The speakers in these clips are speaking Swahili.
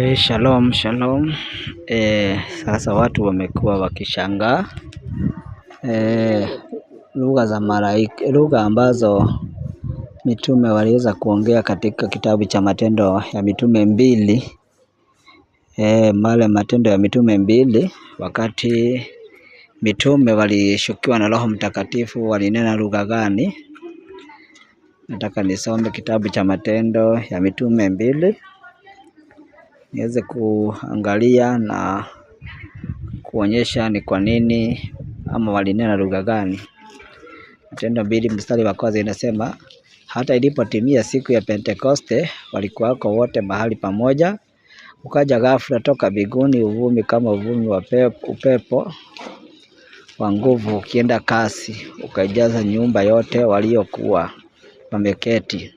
E, shalom shalom. E, sasa watu wamekuwa wakishangaa e, lugha za malaika, lugha ambazo mitume waliweza kuongea katika kitabu cha Matendo ya Mitume mbili e, male Matendo ya Mitume mbili, wakati mitume walishukiwa na Roho Mtakatifu walinena lugha gani? Nataka nisome kitabu cha Matendo ya Mitume mbili niweze kuangalia na kuonyesha ni kwa nini ama walinena lugha gani. Matendo mbili mstari wa kwanza inasema hata ilipotimia siku ya Pentekoste walikuwako wote mahali pamoja, ukaja ghafla toka mbinguni uvumi kama uvumi wa upepo wa nguvu ukienda kasi ukaijaza nyumba yote waliokuwa wameketi.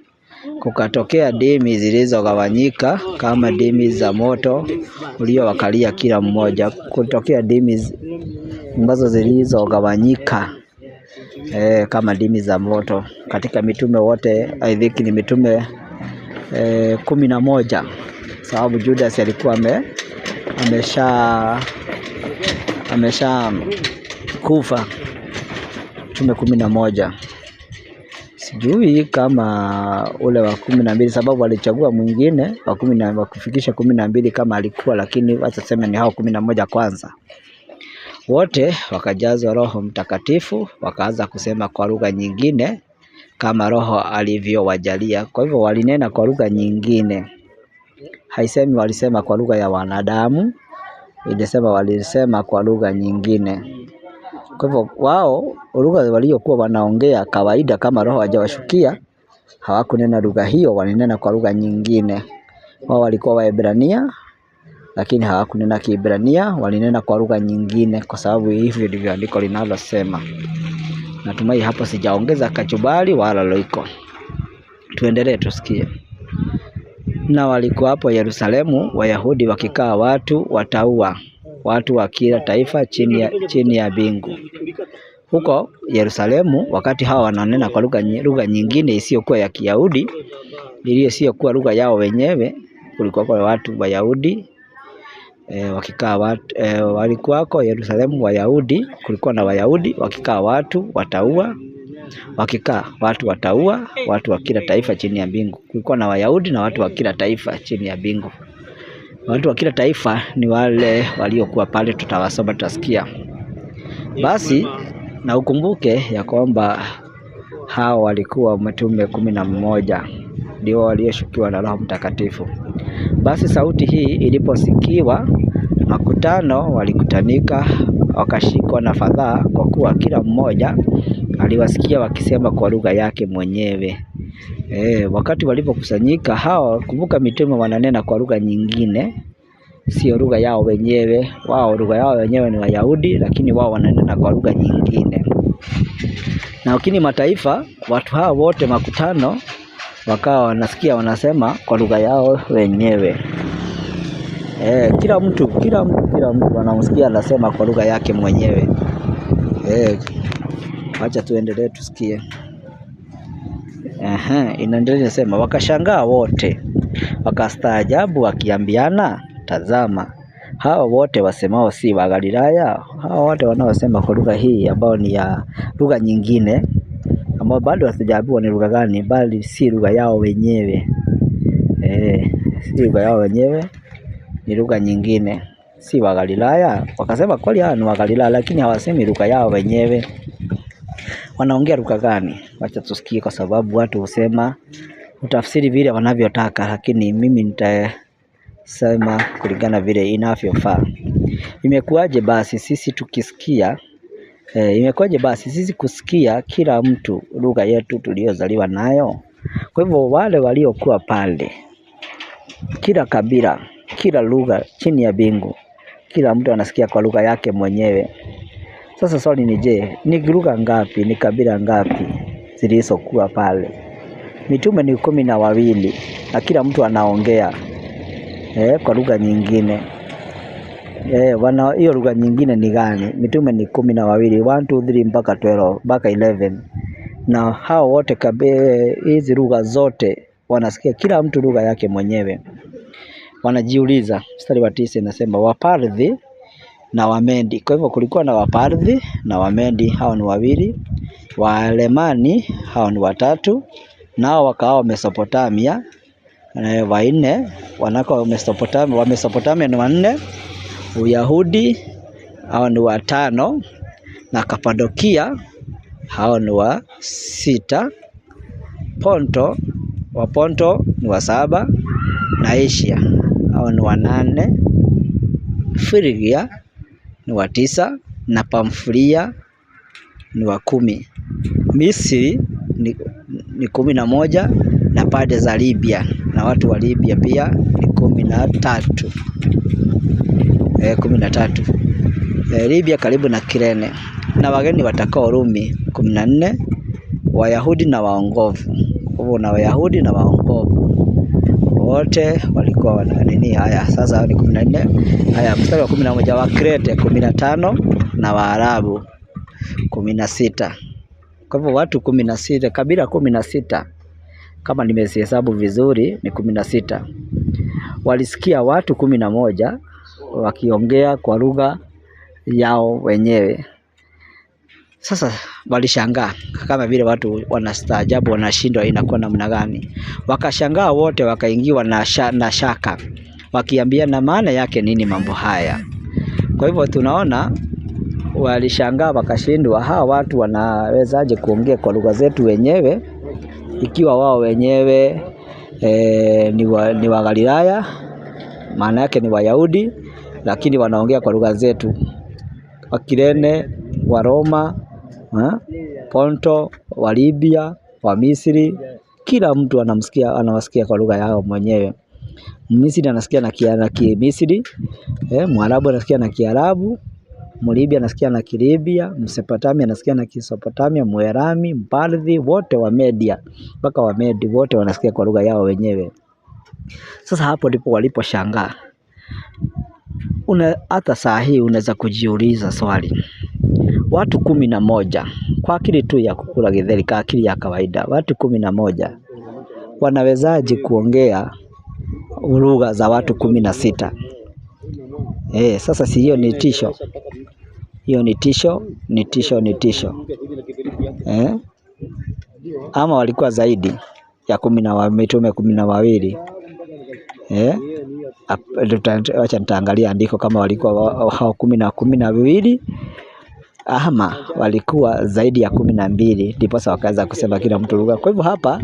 Kukatokea demi zilizogawanyika kama demi za moto uliowakalia kila mmoja. Kutokea demi ambazo zilizogawanyika e, kama demi za moto katika mitume wote, aidhiki ni mitume e, kumi na moja, sababu Judas alikuwa ame amesha amesha kufa mitume kumi na moja. Sijui kama ule wa kumi na mbili sababu alichagua mwingine wa kumi na wa kufikisha kumi na mbili kama alikuwa lakini wacha sema ni hao kumi na moja kwanza. Wote wakajazwa Roho Mtakatifu wakaanza kusema kwa lugha nyingine kama Roho alivyowajalia. Kwa hivyo walinena kwa lugha nyingine, haisemi walisema kwa lugha ya wanadamu, ilisema walisema kwa lugha nyingine. Kwa hivyo wao lugha waliokuwa wanaongea kawaida, kama Roho hajawashukia hawakunena lugha hiyo, walinena kwa lugha nyingine. Wao walikuwa Waebrania, lakini hawakunena Kiebrania, walinena kwa lugha nyingine, kwa sababu hivyo ndivyo andiko linalosema. Natumai hapo sijaongeza kachubali wala loiko Tuendelee tusikie. Na walikuwa hapo Yerusalemu Wayahudi wakikaa watu wataua watu wa kila taifa chini ya, chini ya bingu Huko Yerusalemu, wakati hawa wananena kwa lugha nyingine isiyokuwa ya Kiyahudi iliyokuwa lugha yao wenyewe, kulikuwa kwa watu Wayahudi e, eh, wakikaa watu e, eh, kwa Yerusalemu Wayahudi, kulikuwa na Wayahudi wakikaa watu wataua wakikaa watu wataua watu wa kila taifa chini ya mbingu. Kulikuwa na Wayahudi na watu wa kila taifa chini ya mbingu watu wa kila taifa ni wale waliokuwa pale, tutawasoma tutasikia. Basi na ukumbuke ya kwamba hao walikuwa mitume kumi na mmoja ndio walioshukiwa na Roho Mtakatifu. Basi sauti hii iliposikiwa, makutano walikutanika, wakashikwa na fadhaa, kwa kuwa kila mmoja aliwasikia wakisema kwa lugha yake mwenyewe. E, wakati walipokusanyika hawa, kumbuka mitume wananena kwa lugha nyingine, sio lugha yao wenyewe. Wao lugha yao wenyewe ni Wayahudi, lakini wao wananena kwa lugha nyingine. Na lakini mataifa, watu hawa wote makutano, wakawa wanasikia wanasema kwa lugha yao wenyewe. E, kila mtu kila mtu kila mtu anamsikia anasema kwa lugha yake mwenyewe. E, eh, acha tuendelee tusikie. Inaendelea inasema, wakashangaa wote wakastaajabu, wakiambiana, tazama hawa wote wasemao si wa Galilaya? Hawa wote wanaosema kwa lugha hii ambao ni ya lugha nyingine ambao bado hatujaambiwa ni lugha gani, bali si lugha yao wenyewe e, si lugha yao wenyewe, ni lugha nyingine, si wa Galilaya? Wakasema kweli hawa ni wa Galilaya, lakini hawasemi lugha yao wenyewe wanaongea lugha gani? Wacha tusikie, kwa sababu watu husema utafsiri vile wanavyotaka, lakini mimi nitasema kulingana vile inavyofaa. Imekuwaje basi sisi tukisikia e, imekuwaje basi sisi kusikia kila mtu lugha yetu tuliyozaliwa nayo? Kwa hivyo wale waliokuwa pale, kila kabila, kila lugha chini ya bingu, kila mtu anasikia kwa lugha yake mwenyewe. Sasa swali ni je, ni lugha ngapi, ni kabila ngapi zilizokuwa pale? Mitume ni kumi na wawili na kila mtu anaongea eh, kwa lugha nyingine eh, wana hiyo lugha nyingine ni gani? Mitume ni kumi na wawili 1 2 3 mpaka 12 mpaka 11 na hao wote kabila hizi lugha zote wanasikia, kila mtu lugha yake mwenyewe. Wanajiuliza, mstari wa tisa inasema waparthi na Wamendi. Kwa hivyo kulikuwa na Wapardhi na Wamendi, hao ni wawili, Waalemani hao ni watatu, nao wakao Mesopotamia eh, wanne, wanako Mesopotamia, Wamesopotamia ni wanne, Uyahudi hao ni watano, na Kapadokia hao ni wa sita, Ponto Waponto ni wa saba, na Asia hao ni wanane, Frigia ni wa tisa na Pamfilia ni wa kumi. Misri ni, ni kumi na moja na pande za Libya na watu wa Libya pia ni kumi na tatu e, kumi na tatu e, Libya karibu na Kirene na wageni watakao Rumi kumi na nne Wayahudi na waongovu. Kwa hivyo na Wayahudi na waongovu wote walikuwa wana nini haya sasa ni kumi na nne haya mstari wa kumi na moja Wakrete kumi na tano na Waarabu kumi na sita kwa hivyo watu kumi na sita kabila kumi na sita kama nimezihesabu vizuri ni kumi na sita walisikia watu kumi na moja wakiongea kwa lugha yao wenyewe sasa walishangaa kama vile watu wanastaajabu, wanashindwa inakuwa namna gani. Wakashangaa wote, wakaingiwa na, sha, na shaka, wakiambiana maana yake nini mambo haya. Kwa hivyo tunaona walishangaa wakashindwa, hawa watu wanawezaje kuongea kwa lugha zetu wenyewe ikiwa wao wenyewe e, ni, wa, ni Wagalilaya, maana yake ni Wayahudi, lakini wanaongea kwa lugha zetu, Wakirene, Waroma ha? Ponto wa Libya, wa Misri, kila mtu anamsikia, anawasikia kwa lugha yao mwenyewe. Misri anasikia na Kimisri, eh, Mwarabu anasikia na Kiarabu, Mlibia anasikia na Kilibia, Msepatamia anasikia na Kisopotamia, Mwerami, Mpardhi, wote wa Media mpaka wa Medi wote wanasikia kwa lugha yao wenyewe. Sasa hapo ndipo waliposhangaa. Hata saa hii unaweza kujiuliza swali watu kumi na moja kwa akili tu ya kukula githeri, kwa akili ya kawaida, watu kumi na moja wanawezaje kuongea lugha za watu kumi na sita? E, sasa si hiyo ni tisho, hiyo ni tisho, ni tisho, ni tisho e? Ama walikuwa zaidi ya kumi na mitume kumi na wawili e? Acha nitaangalia andiko kama walikuwa hao kumi na kumi na wawili ama walikuwa zaidi ya kumi na mbili, ndiposa wakaanza kusema kila mtu lugha. Kwa hivyo hapa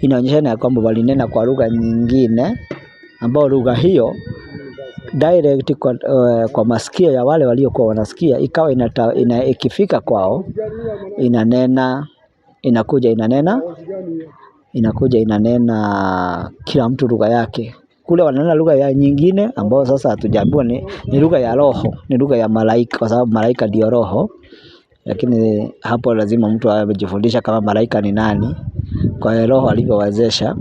inaonyeshana ya kwamba walinena kwa lugha nyingine, ambao lugha hiyo direct kwa, uh, kwa masikio ya wale waliokuwa wanasikia ikawa inata, ina, ikifika kwao inanena, inakuja inanena, inakuja inanena, kila mtu lugha yake kule wananena lugha ya nyingine ambayo sasa hatujaambiwa ni, ni lugha ya roho, ni lugha ya malaika, kwa sababu malaika ndio roho. Lakini hapo lazima mtu amejifundisha kama malaika ni nani kwa roho alivyowezesha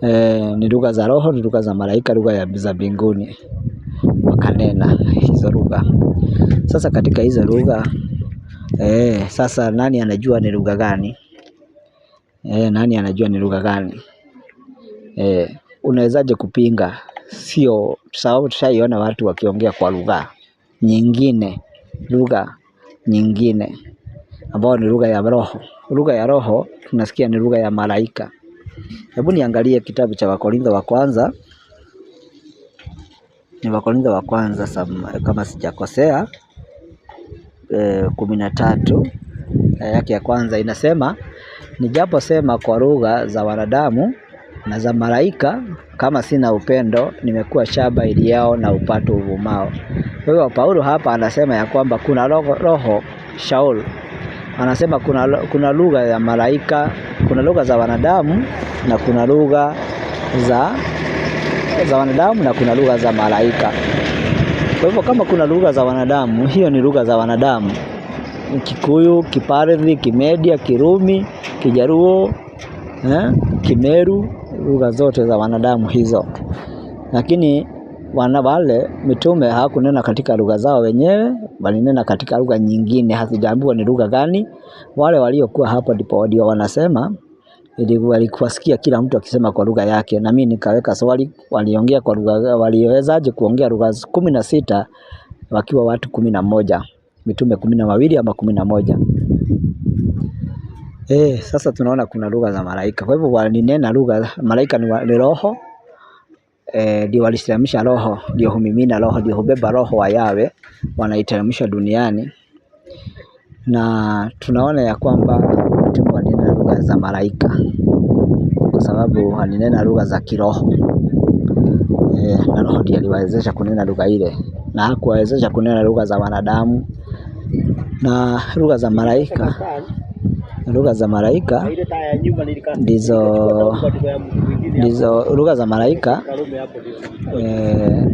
eh, ni lugha za roho, ni lugha za malaika, lugha za mbinguni, wakanena hizo lugha. Sasa katika hizo lugha eh, sasa nani anajua ni lugha gani? Eh, nani anajua ni lugha gani? Unawezaje kupinga? Sio sababu tushaiona watu wakiongea kwa lugha nyingine lugha nyingine ambayo ni lugha ya roho. Lugha ya roho tunasikia ni lugha ya malaika. Hebu niangalie kitabu cha Wakorintho wa kwanza, ni Wakorintho wa kwanza kama sijakosea e, kumi na tatu eh, yake ya kwanza inasema nijaposema kwa lugha za wanadamu na za malaika, kama sina upendo, nimekuwa shaba iliyao na upatu uvumao. Kwa hiyo Paulo hapa anasema ya kwamba kuna roho, roho Shaul anasema kuna, kuna lugha ya malaika, kuna lugha za wanadamu na kuna lugha za, za wanadamu na kuna lugha za malaika. Kwa hivyo kama kuna lugha za wanadamu, hiyo ni lugha za wanadamu: Kikuyu, Kiparthi, Kimedia, Kirumi, Kijaruo eh, Kimeru, lugha zote za wanadamu hizo, lakini wana wale mitume hawakunena katika lugha zao wenyewe, walinena katika lugha nyingine, hazijaambiwa ni lugha gani. Wale waliokuwa hapo ndipo walio wanasema, ili walikuwasikia kila mtu akisema kwa lugha yake. Na mimi nikaweka swali, waliongea kwa lugha, waliwezaje kuongea lugha kumi na sita wakiwa watu kumi na moja mitume kumi na mawili ama kumi na moja Eh, sasa tunaona kuna lugha za malaika. Kwa hivyo walinena lugha, malaika ni, wa, ni roho E, ndio walisilamisha roho, ndio humimina roho, ndio hubeba roho wa yawe wanaiteremsha duniani, na tunaona ya kwamba mtume alinena lugha za malaika kwa sababu alinena lugha za kiroho e, na roho ndiye aliwawezesha kunena lugha ile, na hakuwawezesha kunena lugha za wanadamu na lugha za malaika. Lugha za malaika ndizo ndizo lugha za malaika. Eh,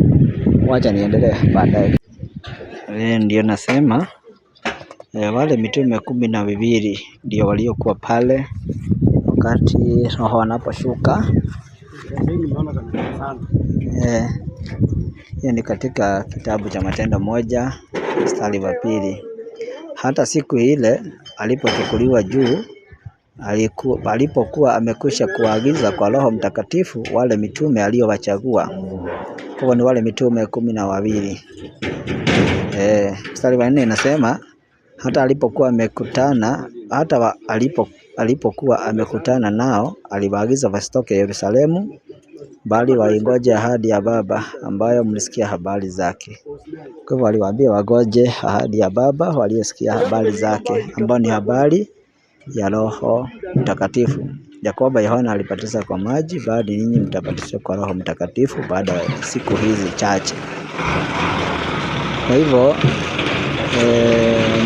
wacha niendelee baadaye. Eh, ndio nasema e, wale mitume kumi na miwili ndio waliokuwa pale wakati roho anaposhuka. E, ni katika kitabu cha Matendo moja mstari wa pili. Hata siku ile alipochukuliwa juu alipokuwa amekwisha kuwaagiza kwa Roho Mtakatifu wale mitume aliyowachagua. Kwa ni wale mitume kumi na wawili. E, mstari wa nne inasema hata alipokuwa amekutana hata wa, alipo, alipokuwa amekutana nao aliwaagiza wasitoke Yerusalemu bali waingoje ahadi ya Baba ambayo mlisikia habari zake. Kwa hivyo aliwaambia wagoje ahadi ya Baba waliosikia habari zake, ambayo ni habari ya Roho Mtakatifu. Yakobo Yohana alibatiza kwa maji, bali ninyi mtabatizwa kwa Roho Mtakatifu baada ya siku hizi chache. Kwa hivyo e,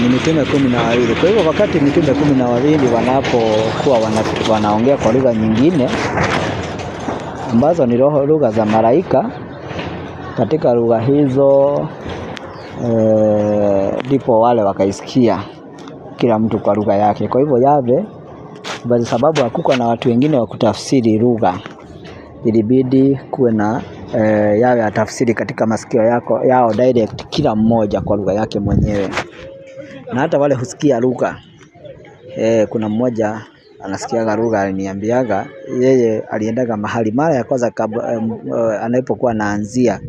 ni mitume kumi na wawili. Kwa hivyo wakati mitume kumi na wawili wanapokuwa wanaongea kwa lugha nyingine ambazo ni roho lugha za malaika, katika lugha hizo eh, ndipo e, wale wakaisikia kila mtu kwa lugha yake. Kwa hivyo Yahweh, kwa sababu hakukuwa na watu wengine wa kutafsiri lugha, ilibidi kuwe na e, Yahweh atafsiri katika masikio yako yao direct, kila mmoja kwa lugha yake mwenyewe, na hata wale husikia lugha e, kuna mmoja anasikiaga lugha aliniambiaga, yeye aliendaga mahali mara ya kwanza eh, anapokuwa anaanzia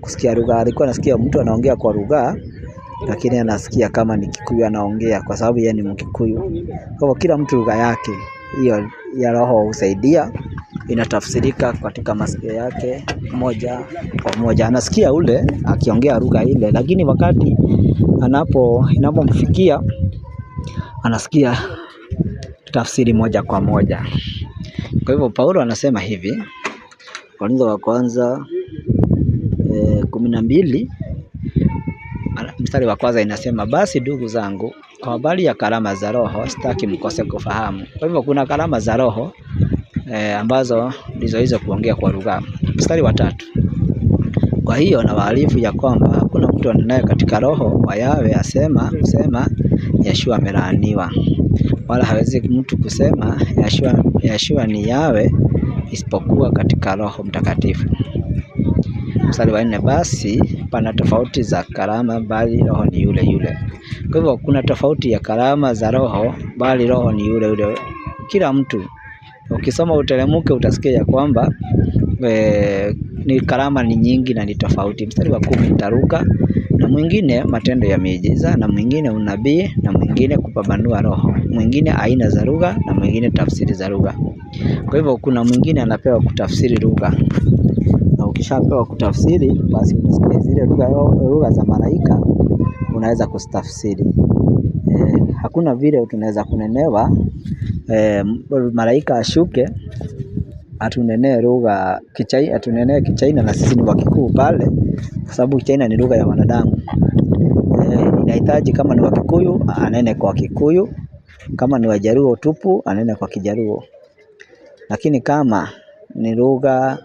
kusikia lugha, alikuwa anasikia mtu anaongea kwa lugha lakini anasikia kama ni Kikuyu anaongea, kwa sababu yeye ni Mkikuyu. Kwa hivyo kila mtu lugha yake hiyo ya roho husaidia, inatafsirika katika masikio yake moja kwa moja. Anasikia ule akiongea lugha ile, lakini wakati anapo inapomfikia anasikia tafsiri moja kwa moja. Kwa hivyo Paulo anasema hivi, Korintho wa kwanza e, kumi na mbili mstari wa kwanza inasema, basi ndugu zangu, kwa habari ya karama za Roho sitaki mkose kufahamu. Kwa hivyo kuna karama za Roho e, ambazo ndizo hizo kuongea kwa lugha. Mstari wa tatu, kwa hiyo na waarifu ya kwamba hakuna mtu anenaye katika Roho wa Yawe asema kusema Yeshua amelaaniwa, wala hawezi mtu kusema Yeshua, Yeshua ni Yawe isipokuwa katika Roho Mtakatifu mstari wa nne, basi pana tofauti za karama, bali roho ni yule yule. Kwa hivyo kuna tofauti ya karama za roho, bali roho ni yule yule kila mtu. Ukisoma Uteremke utasikia ya kwamba e, ni karama ni nyingi na ni tofauti. Mstari wa kumi taruka na mwingine matendo ya miujiza, na mwingine unabii, na mwingine kupambanua roho, mwingine aina za lugha, na mwingine tafsiri za lugha. Kwa hivyo kuna mwingine anapewa kutafsiri lugha ukishapewa kutafsiri, basi unasikia zile lugha za malaika unaweza kustafsiri. E, eh, hakuna vile tunaweza kunenewa e, malaika ashuke atunenee lugha Kichaina, atunenee Kichaina na sisi ni wakikuu pale, kwa sababu Kichaina ni lugha ya wanadamu e, inahitaji kama ni Wakikuyu anene kwa Kikuyu, kama ni Wajaruo tupu anene kwa Kijaruo, lakini kama ni lugha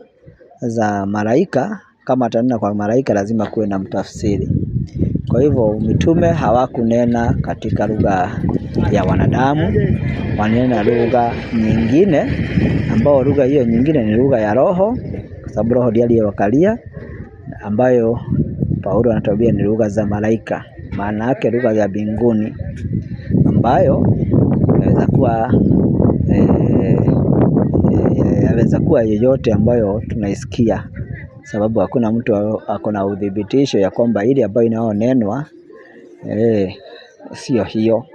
za malaika kama atanena kwa malaika lazima kuwe na mtafsiri. Kwa hivyo mitume hawakunena katika lugha ya wanadamu, wanena lugha nyingine, ambao lugha hiyo nyingine ni lugha ya Roho, kwa sababu Roho ndiye aliyewakalia, ambayo Paulo anatuambia ni lugha za malaika, maana yake lugha ya mbinguni ambayo inaweza kuwa inaweza kuwa yoyote ambayo tunaisikia, sababu hakuna mtu ako na udhibitisho ya kwamba ile ambayo inayonenwa eh, sio hiyo.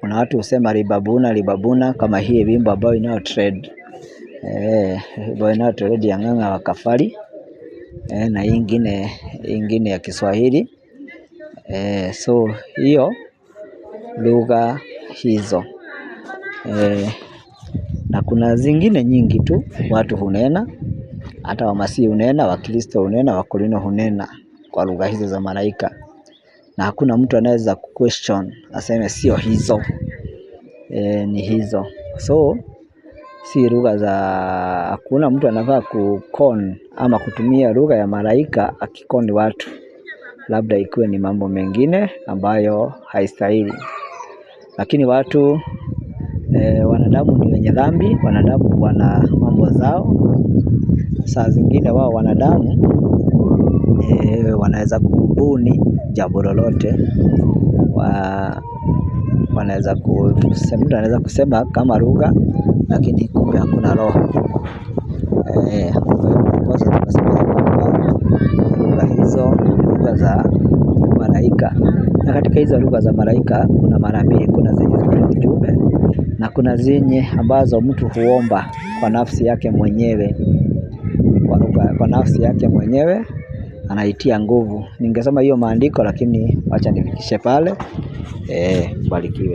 Kuna watu husema ribabuna ribabuna, kama hii wimbo ambayo inayo trend eh, ambayo inayo trend ya ng'ang'a wa kafari eh, na ingine ingine ya Kiswahili eh, so hiyo lugha hizo eh, na kuna zingine nyingi tu watu hunena, hata wamasihi hunena, wakristo hunena, wakolino hunena kwa lugha hizo za malaika, na hakuna mtu anaweza kuquestion aseme sio hizo e, ni hizo. So si lugha za, hakuna mtu anafaa kukon ama kutumia lugha ya malaika akikoni watu, labda ikiwe ni mambo mengine ambayo haistahili, lakini watu Eh, wanadamu ni wenye dhambi, wanadamu wana mambo zao. Saa zingine wao wanadamu e, wanaweza kubuni jambo lolote wa, wanaweza kusema, mtu anaweza kusema kama lugha, lakini kumbe hakuna roho e, lugha hizo lugha za malaika, na katika hizo lugha za malaika kuna mara mbili, kuna zenye ujumbe na kuna zenye ambazo mtu huomba kwa nafsi yake mwenyewe, kwa nafsi yake mwenyewe anaitia nguvu. ningesema hiyo maandiko lakini wacha nifikishe pale. E, barikiwe.